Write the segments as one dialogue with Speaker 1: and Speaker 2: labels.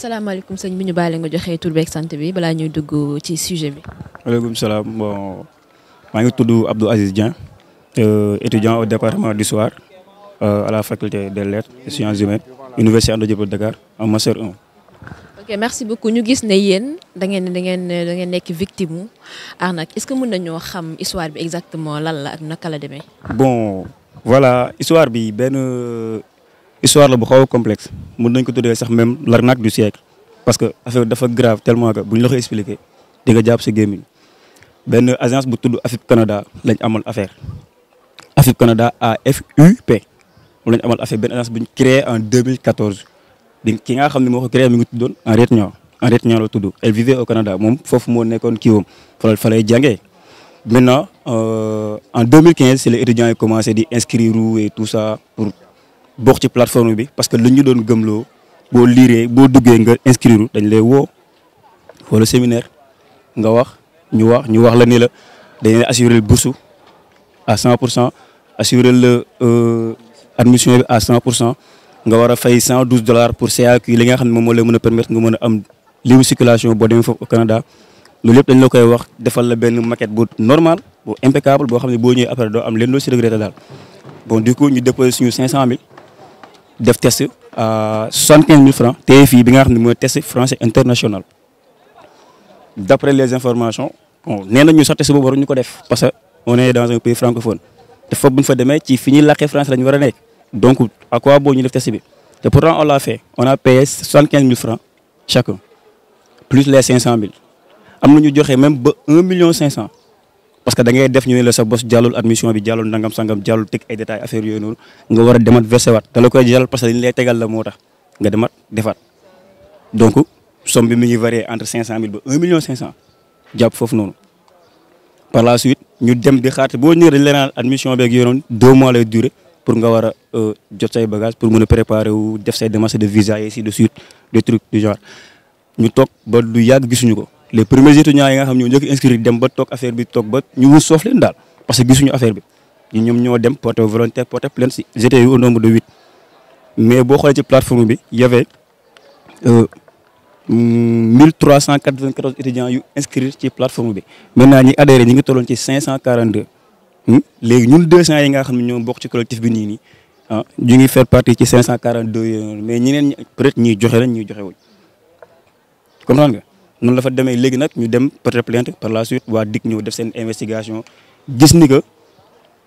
Speaker 1: salaamaaleykum sëñ bi ñu baa baale nga joxe tur beeg sant bi balaa ñuy dugg ci sujet bi.
Speaker 2: maaleykum salaam bon maa ngi tudd Abdou Aziz Dieng euh, étudiant au département d'histoire euh, à la faculté de lettres et sciences humaines université Anta Diop de Dakar en master 1.
Speaker 1: ok merci beaucoup ñu gis ne yéen da ngeen da ngeen da ngeen nekk victime mu arnaque est-ce que mën nañoo xam histoire bi exactement lan la ak naka la demee.
Speaker 2: bon voilà histoire bi benn histoire la bu xaw a complexe mën nañ ko tuddee sax même l'arnaque du siècle parce que affaire dafa grave tellement que bu ñu expliqué di nga jàpp sa benn agence bu tudd AFIP Canada lañ amal affaire AFIP Canada AFUP moom lañ amal affaire benn agence bu ñu créé en 2014 di ki nga xam ne moo ko créé mi ngi tuddoon Henriette Niang Henriette Niang la tudd elle vivait au Canada moom foofu moo nekkoon kii woom fa fa lay jàngee maintenant euh, en 2015 c'est les yi commencé di inscrire et tout bokk ci plateforme bi parce boo liiree boo duggee nga inscrire dañ lay woo wala séminaire nga wax ñu wax ñu wax la ni la dañ lay assurer bourse à 100 pour cent assurer la euh, admission bi à 100 pour cent nga war a fay 112 dollars pour CAQ li nga xam ne moom moo lay a permettre nga mën a am libre circulation boo demee foofu au Canada loolu la koy wax defal la benn maquette bu normal bu impeccable boo xam ne boo ñëwee après doo am leen loo si regretté daal bon du coup ñu déposé suñu 500000. def test euh, soixante quinze mille francs TFI bi nga xam ne mooy test français international d' les informations bon nee nañ ñu sax test boobu waruñu ko def parce que on est dans un pays francophone te foofu bu fa demee ci fi ñuy làkkee français la ñu war a nekk donc à quoi bon ñu def test bi te pourtant on l'a fait on a payé soixante quinze mille francs chacun plus les cinq cent mille am na ñu joxe même ba un million cinq cent parce que da ngay def ñu ne la sa bos jàllul admission bi jàllul nangam sangam jàllul teg ay détails affaire yooyu noonu nga war a demat versé waat te la koy jàll parce que dañu lay tegal la moo tax demat defaat donc somme bi mi ngi varié entre cinq cent mille ba un million cinq cent jàpp noonu par la suite ñu dem di xaar boo ñëwee dañ leen admission beeg yooyu noonu deux mois lay pour nga war a euh, jot say bagage pour mën préparer wu def say démarches de visa et ainsi de suite des trucs du genre ñu toog ba du yàgg gisuñu ko les premiers étudiants yi nga xam ñoo njëkk inscrire dem bi toog ba ñu wut soof leen ñoom ñoo dem porté volontaire porté plainte si j'étais au nombre de huit mais boo ci plateforme bi y avait euh, mille trois cent quatre vingt quatorze étudiants ci plateforme bi maintenant ñi adhéré ñi ngi tolloon ci cinq cent quarante deux hmm? léegi ñun deux cent yi nga xam ne ñoo bokk ci collectif bi nii nii ah ñu ngi faire partie ci cinq cent quarante deux yooyu mais ñeneen peut être ñuy joxe lañ ñuy joxe wuñ comprendre noonu la fa demee léegi nag ñu dem porter plainte par la suite waa DIC ñëw def seen investigation gis ni que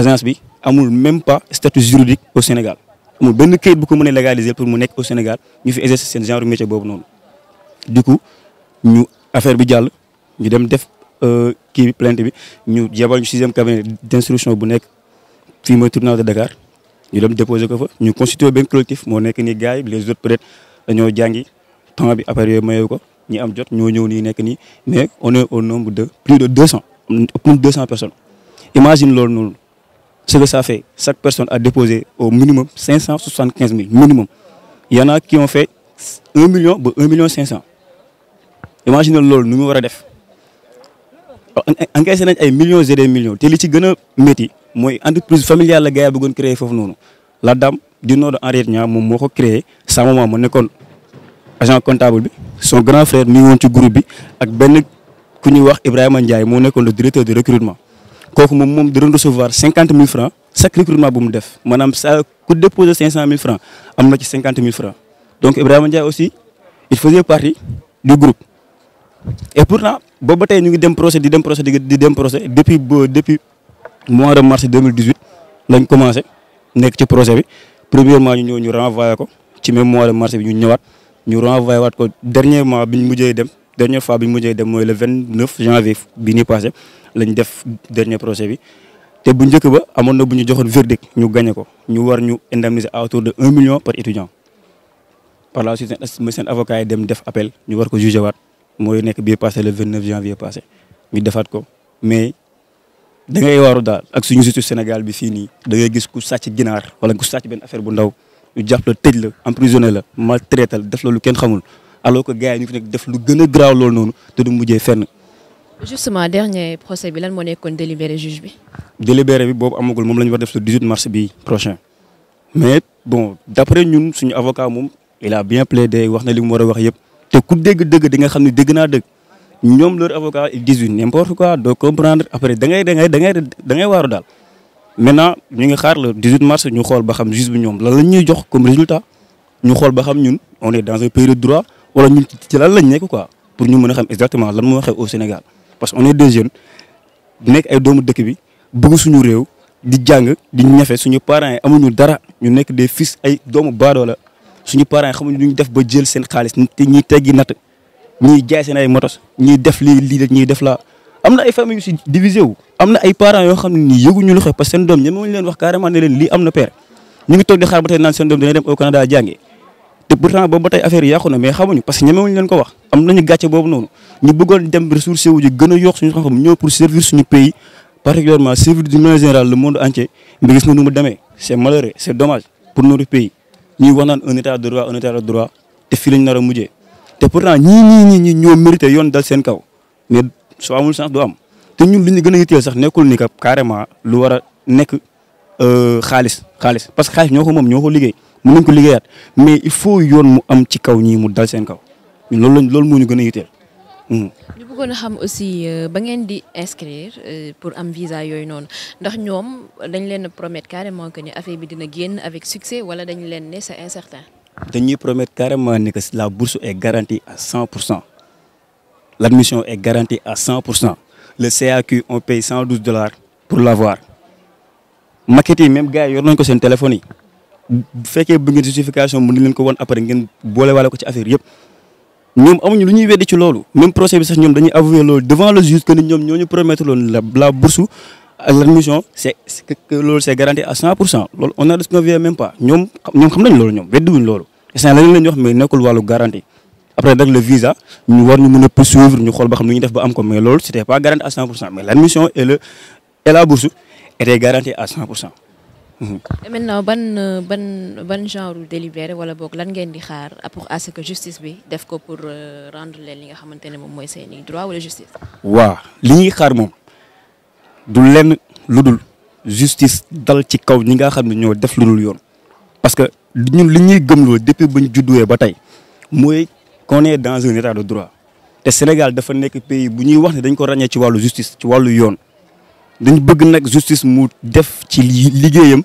Speaker 2: agence bi amul même pas statut juridique au Sénégal amul benn kayit bu ko mën a légaliser pour mu nekk au Sénégal ñu fi exercer seen genre métier boobu noonu du coup ñu affaire bi jàll ñu dem def euh, kii bi plainte bi ñu jebal ñu sixième cabinet d'instruction bu nekk fii mooy tribunal de Dakar ñu dem déposer ko fa ñu constitué benn collectif moo nekk ni gars yi les autres peut-être dañoo jàngi temps bi après ko ñi am jot ñoo ñëw nii nekk nii mais on au nombre de plus de deux cent ëpp na cent personnes imagine lool noonu ce que ça fait chaque personne à déposé au minimum cinq cent soixante quinze mille minimum il y en a qui ont fait un million ba un million cinq cent imagine loolu nu mu war a def encaissé nañ ay millions et des millions te li ci gën a métti mooy entreprise familiale la gars yi bëggoon créer foofu noonu la dame du nom de Henriette moom moo ko créé sa maman ma nekkoon agent comptable bi son grand frère mi ngi woon ci group bi ak benn ku ñuy wax Ibrahima Ndiaye moo nekkoon le directeur de recrutement kooku moom moom da doon recevoir cinquante mille francs chaque recrutement bu mu def maanaam saa ku déposé cinq cent mille francs am na ci cinquante mille francs donc Ibrahima Ndiaye aussi il faisait partie du groupe. et pourtant boobu ba tey ñu ngi dem procès di dem procès di dem procès depuis ba depuis mois de mars deux mille dix huit lañ commencé nekk ci projet bi premièrement ñu ñëw ñu renvoyé ko ci même mois de mars bi ñu ñëwaat. ñu renvoyé waat ko dernier mois bi ñu mujjee dem dernière fois bi ñu mujjee dem mooy le vingt neuf janvier bi ni passé lañ def dernier projet bi te bu njëkk ba amoon na bu ñu joxoon verdict ñu gagné ko ñu war ñu indemniser à hauteur de un million par étudiant par la suite seen avocat dem def appel ñu war ko jugé waat mooy nekk bii passé le vingt neuf janvier passé ñu defaat ko mais da ngay waaru daal ak suñu justice Sénégal bi fii nii da ngay gis ku sàcc ginaar wala ku sàcc benn affaire bu ndaw ñu jàpp la tëj la emprisonné la maltraité la def loolu kenn xamul alors que gars yi ñu nekk def lu gën a graaw loolu noonu te du mujjee fenn.
Speaker 1: justement dernier procès bi lan moo nekkoon délibéré juge bi.
Speaker 2: délibéré bi boobu amagul moom la ñu war def le 18 mars bi prochain mais bon d'après ñun suñu avocat moom il a bien plaidé wax na li mu a wax yëpp te ku dégg dëgg di xam ne dégg naa dëgg ñoom loolu avocat ils disent n'importe quoi doo comprendre après da ngay da ngay da ngay da ngay waaru maintenant ñu ngi xaar le 18 mars ñu xool ba xam juge bi ñoom lan lañ ñuy jox comme résultat ñu xool ba xam ñun on est dans un pays de droit wala ci lan lañ nekk quoi pour ñu mën a xam exactement lan moo xew au Sénégal parce que on est des jeunes nekk ay doomu dëkk bi bëgg suñu réew di jàng di ñafe suñu parent yi amuñu dara ñu nekk des fils ay doomu baadoola suñu parent yi xamuñu lu ñu def ba jël seen xaalis te ñuy teggi natt ñuy jaay seen ay motos ñuy def lii lii ñuy def la am na ay famille si divisé am na ay parents yoo xam ne nii yëguñu lu parce que seen doom ñemewuñu leen wax carrément ne leen lii am na père ñu ngi toog di xaar ba tey naan seen doom demee c'est malheureux c'est dommage pour notre pays ñuy wax naan un état de droit te fii lañ nar a mujjee te pourtant ñii ñii ñii ñoo mérité yoon dal seen kaw soo amul chance doo am te ñun lu ñu gën a yitteel sax nekkul ni que carrément lu war a nekk euh, xaalis xaalis parce que xaalis ñoo ko moom ñoo ko liggéey mun nañ ko liggéeyaat mais il faut yoon mu am ci kaw ñii mu dal seen kaw ñun loolu loolu moo ñu gën a yitteel.
Speaker 1: Hmm. ñu bëggoon a xam aussi euh, ba ngeen di inscrire euh, pour am visa yooyu noonu ndax ñoom dañ leen promettre carrément que ni affaire bi dina génn avec succès wala dañ leen ne c'est incertain.
Speaker 2: dañuy promettre carrément ni que la bourse est garantie à 100 pour cent L'admission est garantie à 100%. Le CAQ, on paye 112 dollars pour l'avoir. maquette yi même gars yi ko seen téléphone yi bu fekkee bëgg ngeen justification mën na leen ko woon après ngeen boolewaale ko ci affaire yëpp ñoom amuñu lu ñuy weddi ci loolu. même procès bi sax ñoom dañuy avouer loolu devant le juge que ñoom ñoo ñu promettre loon la la bourse ak l'admission c'est que loolu c'est garanti a disconvient même ñoom ñoom xam nañ loolu ñoom weddiwuñ loolu. est ce que leneen la ñuy wax nekkul wàllu garantie. après nag le visa ñu war ñu mën a poursuivre ñu xool ba xam nu ñu def ba am ko mais loolu c'était pas garanti à 100 pour cent mais l'admission et le la bourse étaient garanties à 100 pour cent. Mhm.
Speaker 1: maintenant ban ban ban genre délibéré wala boog lan ngeen di xaar pour à ce que justice bi def ko pour euh, rendre leen li nga xamante ne moom mooy seeni droit wala justice.
Speaker 2: waaw li ñuy xaar moom du lenn lu dul justice dal ci kaw ñi nga xam ne ñoo def lu dul yoon parce que ñun li ñuy judduwee ba tey kon est dans un état de droit te Sénégal dafa nekk pays bu ñuy wax ne dañ ko ràññee ci wàllu justice ci wàllu yoon dañ bëgg nag justice mu def ci liggéeyam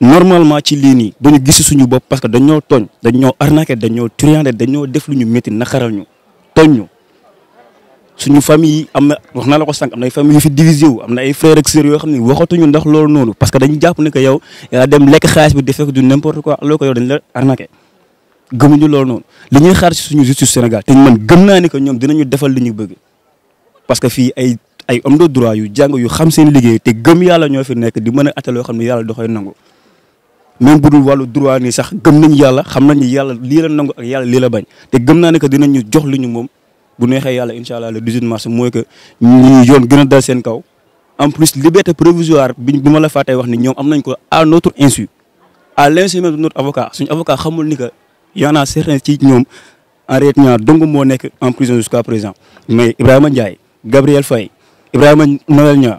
Speaker 2: normalement ci lii nii dañu gis suñu bopp parce que dañoo tooñ dañoo arnaqué dañoo truandé dañoo def lu ñu métti naqaral ñu tooñ ñu suñu famille yi na wax naa la ko sànq am na ay famille yu fi divisé am na ay yoo xam ne waxatuñu ndax loolu noonu parce que dañu jàpp ne que yow yaa dem lekk xaalis bi defee gëmuñu loolu noonu li ñuy xaar suñu justice Sénégal te man gëm naa ni que ñoom dinañu defal li ñu bëgg parce que fii ay ay homme de droit yu jàng yu xam seen liggéey te gëm yàlla ñoo fi nekk di mën a atal yoo xam ne yàlla doxee nangu même bu dul wàllu droit nii sax gëm nañ yàlla xam nañ yàlla lii la nangu ak yàlla lii la bañ te gëm naa ne que dinañu jox lu ñu moom bu neexee yàlla incha allah le 18 mars mooy que ñu yoon gën a dal seen kaw en plus liberté provisoire bi bu ma la fàttee wax ni ñoom am nañ ko à notre insu y en ci ñoom Henriette Niang dong moo nekk en prison jusqu'à présent mais Ibrahima Ndiaye Gabriel Faye Ibrahima Noël Niang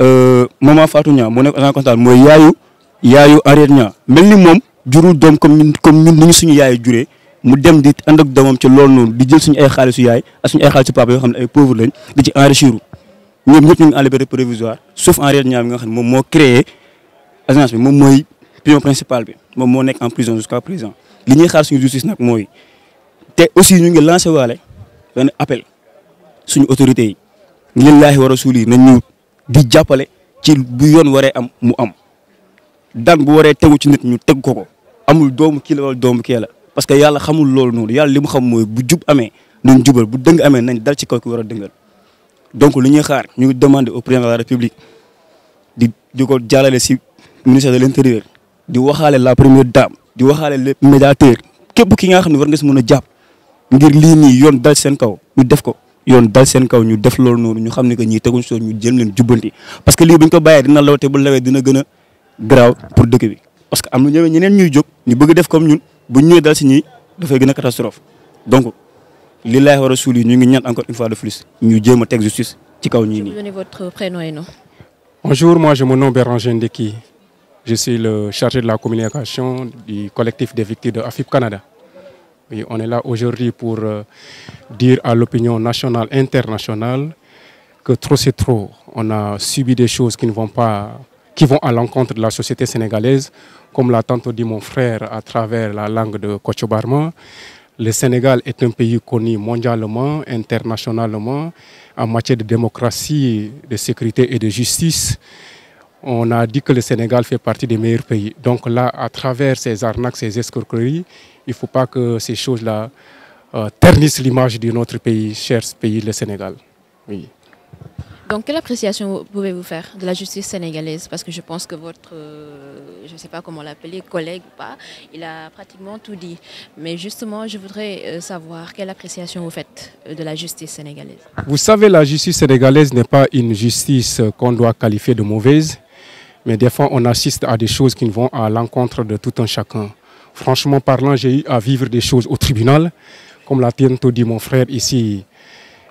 Speaker 2: euh, maman Fatou Niang mu nekk agent comptable mooy yaayu yaayu Henriette Niang mel ni moom jurul doom comme ñun comme ñun ni ñu suñu yaay juree mu dem di ànd ak doomam ci di jël suñu ay xaalisu yaay ak suñu ay xaalisu papa yoo xam ne ay pauvre lañ ci enrichir ñoom ñëpp ñu ngi en liberté provisoire sauf nga xam ne moom moo créé agence moom mooy pion principal bi moom moo nekk en prison jusqu'à présent li ñuy xaar suñu justice nag mooy te aussi ñu ngi lancé waale benn appel suñu autorités yi lillaahi wa rasuuli nañ ñu di jàppale ci bu yoon waree am mu am daan bu waree tegu ci nit ñu teg ko ko amul doom kii la wala doomu kee la parce que yàlla xamul loolu noonu yàlla li mu xam mooy bu jub amee nañ jubal bu dëng amee nañ dal ci kaw ki war a dëngal donc li ñuy xaar ñu ngi demander au président de la république di di jàllale si ministère de l' intérieur di waxaale la première dame di waxaale lépp médiateur képp ki nga xam ne war nga si a jàpp ngir lii nii yoon dal seen kaw ñu def ko yoon dal seen kaw ñu def loolu noonu ñu xam ne que ñii teguñ soo ñu jëm leen jubbanti parce que lii bu ñu ko bàyyee dina law te bu lawee dina gën
Speaker 1: a
Speaker 2: pour dëkk bi parce que am na ñëwee ñeneen ñuy jóg ñu bëgg def comme ñun bu ñëwee dal si ñii dafay gën a catastrophe donc li laay war a suul yi ñu ngi ñaan
Speaker 3: encore une fois de plus ñu jéem a teg justice ci kaw ñii
Speaker 1: nii.
Speaker 3: bonjour moi Je suis le chargé de la communication du collectif des victimes de AFIP Canada. on est là aujourd'hui pour euh, dire à l'opinion nationale, internationale, que trop c'est trop. On a subi des choses qui vont à l'encontre de la société sénégalaise, comme l'a tantôt dit mon frère à travers la langue de Kochobarma. Le Sénégal est un pays connu mondialement, internationalement, en matière de démocratie, de sécurité et de justice. on a dit que le Sénégal des meilleurs pays. Donc là, à travers ces arnaques, ces escroqueries, il ne faut pas que ces choses-là euh, ternissent l'image de notre pays, cher pays, le Sénégal. Oui.
Speaker 1: Donc, quelle appréciation pouvez Parce que je pense que votre, euh, je ne sais pas collègue pas, il a pratiquement tout dit. Mais justement, je voudrais euh, savoir quelle appréciation vous faites euh, de la justice sénégalaise.
Speaker 3: Vous savez, la justice sénégalaise n'est pas une justice qu'on doit qualifier de mauvaise Mais des fois, on assiste à des choses qui vont à l'encontre de tout un chacun. Franchement parlant, j'ai eu à vivre des choses au tribunal. Comme l'a tantôt dit mon frère ici,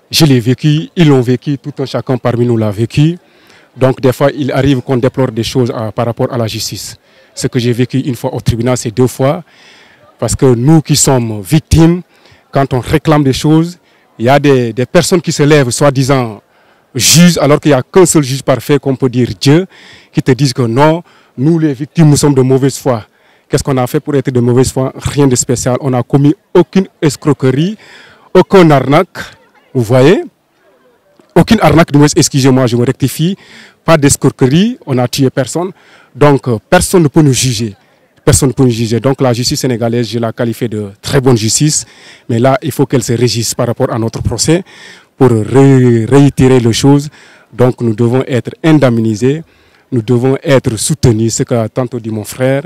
Speaker 3: je l'ai vécu, ils l'ont vécu, tout un chacun parmi nous l'a vécu. Donc des fois, il arrive qu'on déplore des choses à, euh, par rapport à la justice. Ce que j'ai vécu une fois au tribunal, c'est deux fois. Parce que nous qui sommes victimes, quand on réclame des choses, il y a des, des personnes qui se lèvent, soi-disant juge, alors qu'il n'y a qu'un seul juge parfait qu'on peut dire Dieu, qui te dise que non, nous les victimes, nous sommes de mauvaise foi. Qu'est-ce qu'on a fait pour être de mauvaise foi Rien de spécial. On n'a commis aucune escroquerie, aucune arnaque, vous voyez Aucune arnaque, excusez-moi, je me rectifie. Pas d'escroquerie, on n'a tué personne. Donc, euh, personne ne peut nous juger personne pour nous juger. Donc la justice sénégalaise, je la qualifie de très bonne justice, mais il faut qu'elle par rapport à pour ré réitérer les choses. Donc nous devons être indemnisés, nous devons être soutenus, ce qu'a tantôt dit mon frère,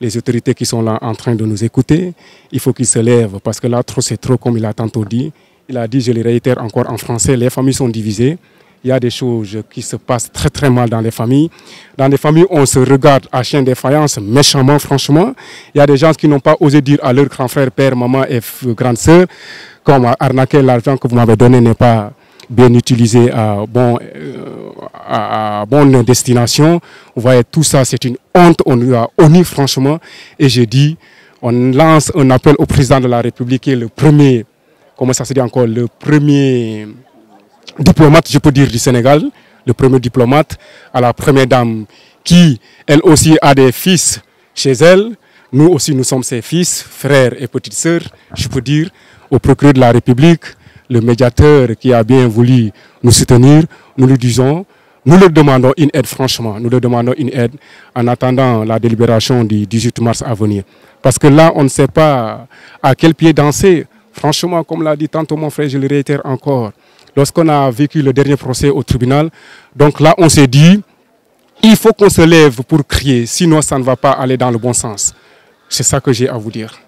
Speaker 3: les autorités qui sont là en train de nous écouter, il faut qu'ils se lèvent parce que là, trop c'est trop, comme il a tantôt dit. Il a dit, je le réitère encore en français, les familles sont divisées. il y a des choses qui se passent très très mal dans les familles. Dans les familles, on se regarde à chien de faïence méchamment, franchement. Il y a des gens qui n'ont pas osé dire à leur grand frère, père, maman et euh, grande sœur, comme arnaquer l'argent que vous m'avez donné n'est pas bien utilisé à, bon, euh, à, à, bonne destination. Vous voyez, tout ça, c'est une honte. On lui a honni, franchement. Et j'ai dit, on lance un appel au président de la République, qui est le premier, comment ça se dit encore, le premier diplomate, je peux dire, du Sénégal, le premier diplomate, à la première dame qui, elle aussi, a des fils chez aussi, nous sommes ses fils, et petites sœurs, je peux la République, le médiateur qui bien voulu nous soutenir, nous lui disons, nous une aide franchement, nous leur demandons une la délibération du 18 mars à venir. que là, on ne sait pas à quel pied comme l'a dit tantôt lorsqu'on a vécu le dernier procès au tribunal. Donc là, on s'est dit, il faut qu'on se lève pour crier, sinon ça ne va pas aller dans le bon sens. C'est ça que j'ai à vous dire.